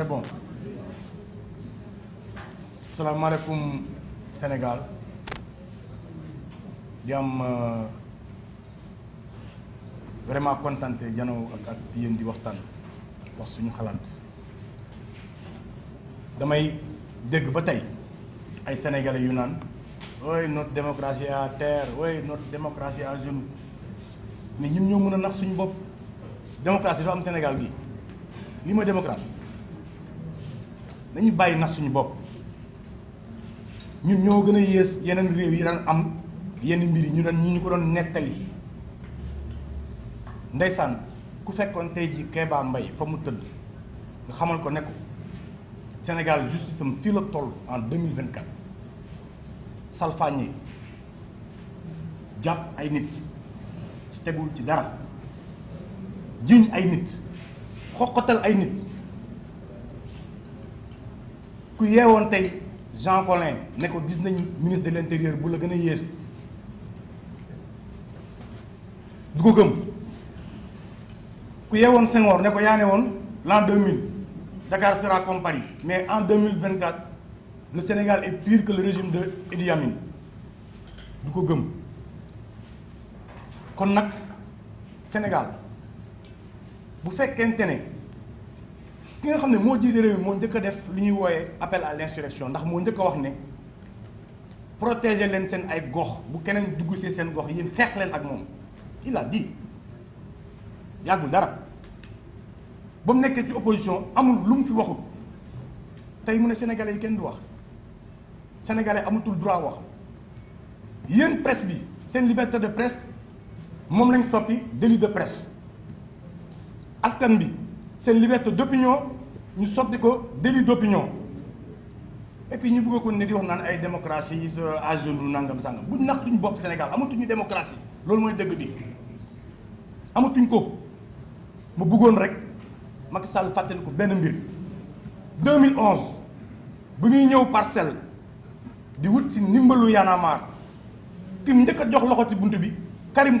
c'est bon Salam alaikum Sénégal di am euh, vraiment contenté janoo ak ak yéen di waxtaan wax suñu xalaat damay dégg ba tey ay sénégalais yu naan oui notre démocratie à terre oui notre démocratie à genoux mais ñun ñoo mën a nax suñu bopp démocratie dafa am Sénégal gi lii mooy démocratie nañu bàyyi nax suñu bopp ñun ñoo gën a yées yeneen réew yi daan am yenn mbir yi ñu doon ñu ñu ko doon nettali ndeysaan ku fekkoon tey ji Kéba mbay fa mu tëdd nga xamal ko ne ko Sénégal justice am fii la toll en 2024 salfaañee jàpp ay nit ci tegul ci dara jiñ ay nit xoqatal ay nit ku yeewoon Jean colin nous ko le ministre de l'Intérieur, pour le la gën a yées du ko gëm 2000 Dakar sera comparé. mais en 2024 le Sénégal est pire que le régime de Idi Amin du ko gëm kon le Sénégal bu fekkente ki nga xam ne moo jiite réew mi moo njëkk a def li ñuy wooyee appel à l'insurrection ndax moo njëkk a wax ne protéger leen seen ay gox bu keneen dugg si seen gox yéen xeex leen ak moom il a dit yàggul dara ba mu nekkee ci opposition amul lu mu fi waxul tey mu ne sénégalais yi kenn du wax sénégalais amatul droit wax yéen presse bi seen liberté de presse moom lañ soppi délit de presse askan bi. C'est une liberté d'opinion nous sommes des délit d'opinion et puis nous avons ko démocratie à genoux nangam sangam bu nous suñu Sénégal démocratie Nous démocratie dëgg bi Nous ko mu démocratie. nous avons une 2011 nous avons une parcelle Nous avons une parcelle Nous a une Karim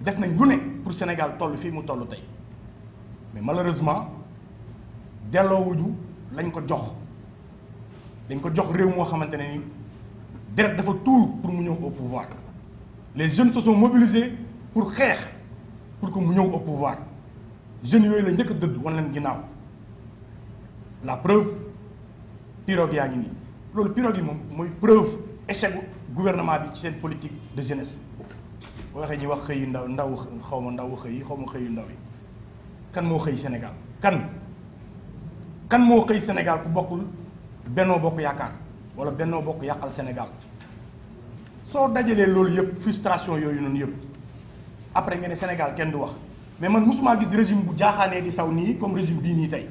def nañ lu ne pour Sénégal toll fii mu toll tey mais malheureusement delloowuñu lañ ko jox dañ ko jox réew moo xamante ne ni dafa tuur pour mu ñëw au pouvoir les jeunes se sont mobilisés pour xeex pour que mu ñëw au pouvoir jeunes yooyu la njëkk a dëdd wan leen ginnaaw la preuve pirogue yaa ngi nii loolu pirogue yi moom mooy preuve échec gouvernement bi ci seen politique de jeunesse boo waxee ji wax xëy yu ndaw ndaw xaw ma ndaw xëy xaw ma xëyu ndaw yi kan moo xëy Sénégal kan kan moo xëy Sénégal ku bokkul bennoo bokk yaakaar wala bennoo bokk yàqal Sénégal soo dajalee loolu yëpp frustration yooyu noonu yëpp après nga ne Sénégal kenn du wax mais man mosumaa gis régime bu jaaxaanee di saw nii comme régime bii nii tey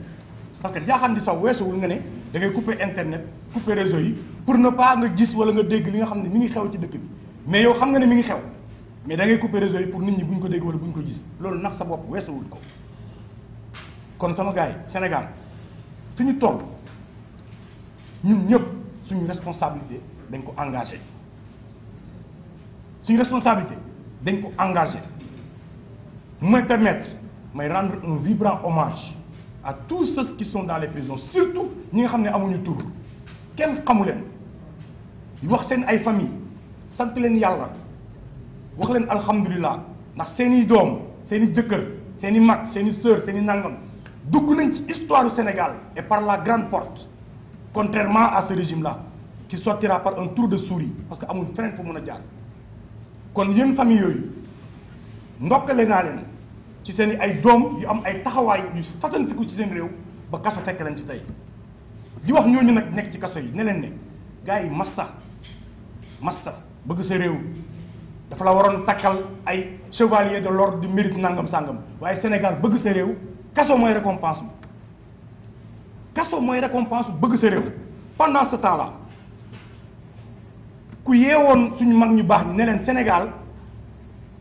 parce que jaaxaan di saw weesuwul nga ne dangay ngay couper internet couper réseau yi pour ne pas nga gis wala nga dégg li nga xam ne mi ngi xew ci dëkk bi mais yow xam nga ne mi ngi xew mais da ngay couper réseau yi pour nit ñi buñ ko dégg wala buñ ko gis loolu nax sa bopp weesuwul ko kon sama gaay Sénégal fi ñu toll ñun ñëpp suñu responsabilité dañ ko engagé suñu responsabilité dañ ko engagé mooy permettre may rendre un vibrant hommage à tous ceux qui sont dans les prisons surtout ñi nga xam ne amuñu tour kenn xamu leen wax seen ay famille sant leen yàlla. wax leen alhamdulilah ndax seen i doom seen i jëkkër seen i mag seen i sœur seen i dugg nañ ci histoire du Sénégal et par la grande porte contrairement à ce régime là qui sortira par un trou de souris parce que amul feneen fu mën a jaar kon yéen famille yooyu ndokkale naa leen ci seen i ay doom yu am ay taxawaay yu fasantiku ci seen réew ba kaso fekk leen ci tey di wax ñooñu nag nekk ci kaso yi ne leen ne gars yi massa massa bëgg sa réew dafa la waroon takkal ay chevalier de l'ordre du mérite nangam sangam waaye Sénégal bëgg sa réew kaso mooy récompense bi kaso mooy récompense bëgg sa réew pendant ce temps là ku yeewoon suñu mag ñu baax ñi ne leen Sénégal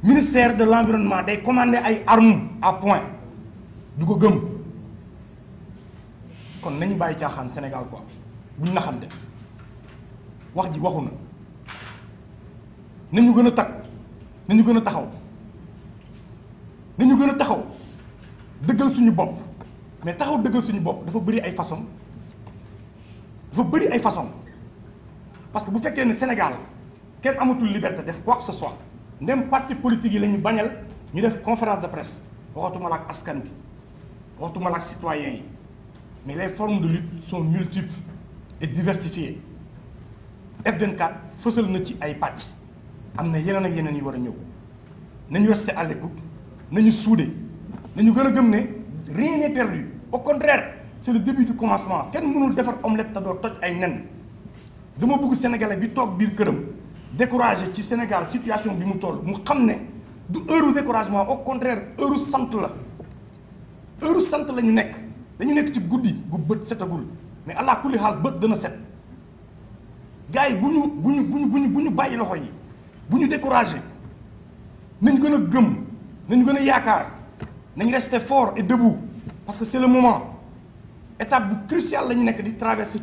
ministère de l'environnement day commandé ay armes à point du ko gëm kon nañu bàyyi caaxaan Sénégal quoi buñ naxante wax ji waxu na nous gën a takk nous gën a taxaw Nous gën a taxaw dëggal suñu bopp mais taxaw dëggal suñu bopp dafa bëri ay façon dafa bëri ay façon parce que bu fekkee ne Sénégal kenn de liberté def quoi que ce soit n'importe parti politique yi la ñu bañal ñu def conférence de presse waxatuma la ak askan bi waxatuma la ak citoyen mais les formes de lutte sont multiples et diversifiées F24 fësal na ci ay pàcc amna na yeneen ak yeneen yi war a ñëw nañu rester à l'écoute nañu soudé nañu gën a gëm ne rien n'est perdu au contraire c'est le début du commencement kenn mënul defar omelette te doo toj ay nen dama bëgg sénégalais bi toog biir këram découragé ci Sénégal situation bi mu toll mu xam ne du heure découragement au contraire heure sant la heure sant la ñu nekk dañu nekk ci guddi gu bët setagul mais allah kulli xaal bët dana set gars yi bu ñu bu ñu bu ñu bu ñu bàyyi loxo yi. Nous ñu découragé nous Nous a gëm nañ gën nous nous rester forts et debout parce que c'est le moment étape cruciale pour nous nekk di traverser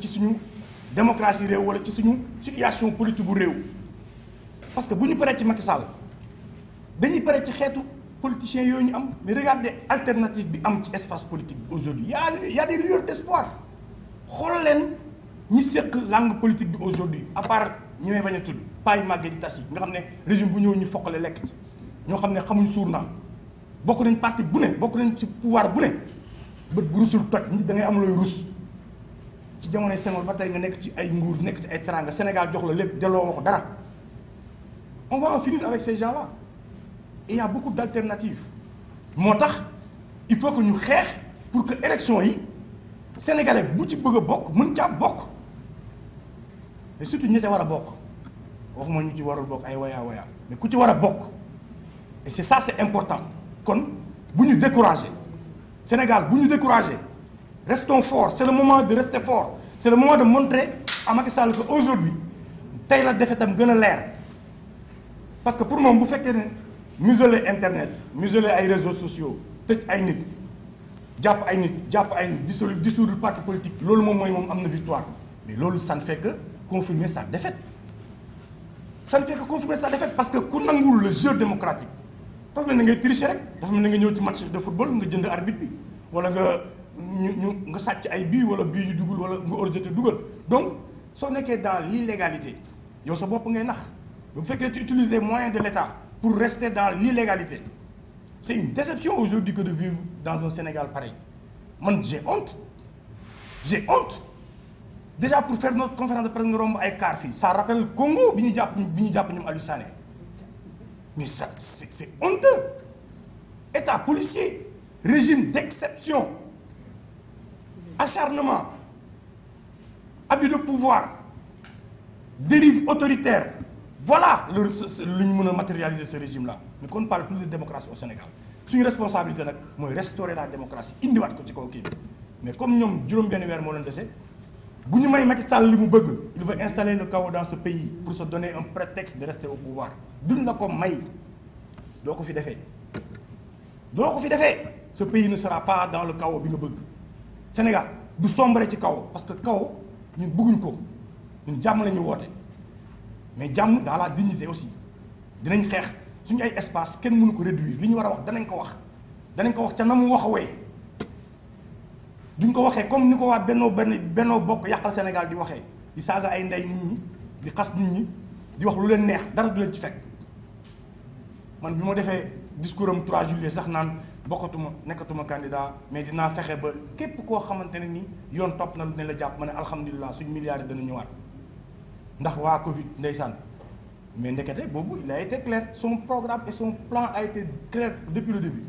démocratie la wala ci situation politique bu parce que si nous paree ci Macky Sall dañuy pas ci politiciens qui ñu am mais regardez l'alternative bi am politique aujourd'hui Il y a des lueurs d'espoir Regardez leen ñi séq langue politique d'aujourd'hui. aujourd'hui à part ñi may bañ a tudd paay màgge di tas yi nga xam ne régime bu ñëw ñu fokkale lekk ci ñoo xam ne xamuñ suur naa bokk nañ parti bu ne bokk nañ ci pouvoir bu ne bët bu rusul toj nit da ngay am looy rus ci jamonoy sénégal ba tey nga nekk ci ay nguur nekk ci ay teranga Sénégal jox la lépp delloo wax dara on va en finir avec ces gens-là et il y a beaucoup d'alternatives moo tax il faut que ñu xeex pour que élection yi sénégalais bu ci bëgg a bokk mën caa bokk mais surtout ñi ca wara bok bokk waxuma ñu ci waral bok ay waya waya mais ku ci wara bok et c'est ça c'est important kon buñu décourager Sénégal buñu décourager restons forts c'est le moment de rester fort c'est le moment de montrer à Macky Sall que aujourd'hui tay la defe tam gën a parce que pour nous bu fekké né museler internet museler ay réseaux sociaux tëj ay nit japp ay nit japp ay dissoudre le parti politique lolu mom moy mom amna victoire mais lolu ça ne fait que confirmer sa défaite. Ça ne fait que confirmer sa défaite parce que on a le jeu démocratique parce que ni triché, tricher rek dafa au match de football nga jënd arbitre bi wala nga ñu ñu nga ay bii wala bii yu dugul wala nga dans l'illégalité yow sa de ngay nax bu que tu utilises les moyens de l'État pour rester dans l'illégalité c'est une déception aujourd'hui que de vivre dans un Sénégal pareil Moi, j'ai honte j'ai honte déjà pour faire notre conférence de presse nga Carfi, ça rappelle le Congo bi ñu mais ça c'est c'est honteux état policier régime d'exception acharnement abus de pouvoir dérive autoritaire voilà le qui a matérialiser ce régime là mais qu'on ne parle plus de démocratie au Sénégal une responsabilité nag de restaurer la démocratie indiwaat ko ci mais comme nous, juróom bien weer moo bu may Macky Sall li mu bëgg il veut installer le chaos dans ce pays pour se donner un prétexte de rester au pouvoir duñ la ko may doo ko fi defee doo ko fi ce pays ne sera pas dans le chaos bi nga bëgg Sénégal du sombrer ci chaos parce que chaos ñun bëgguñ ko ñun jàmm la ñu mais jàmm dans la dignité aussi dinañ xeex suñu ay espace kenn mënu ko réduire li ñu war a wax danañ ko wax danañ ko wax ca na mu duñ ko waxee comme ni ko waa bennoo benn bennoo bokk yàqal Sénégal di waxee di saaga ay ndey nit ñi di xas nit ñi di wax lu leen neex dara du leen ci fekk man bi ma defee discours am 3 juillet sax naan bokkatuma nekkatuma candidat mais dinaa fexe ba képp koo xamante ne ni yoon topp na lu ne la jàpp ma ne alhamdulilah suñ milliards dana ñëwaat ndax waa Covid ndeysaan mais ndekete boobu il a été clair son programme et son plan a été clair depuis le début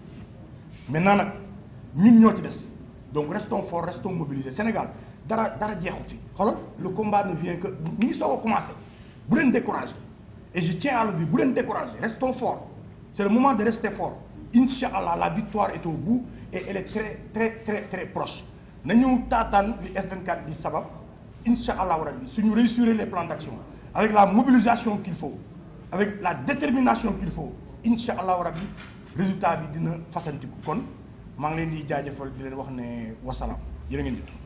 maintenant nag ñun ñoo ci des donc restons forts restons mobilisés Sénégal dara le combat ne vient que ñu a commencé et je tiens à le dire vous de restons forts c'est le moment de rester fort Inch'Allah, la victoire est au bout et elle est très très très très proche Nous sommes le F24 du sabab Inch'Allah, si Si nous les plans d'action avec la mobilisation qu'il faut avec la détermination qu'il faut InshaAllah, rabi résultat bi dina à kon. maa ngi leen di jaajëfal di leen wax ne wasalaam jërë ngeen jëf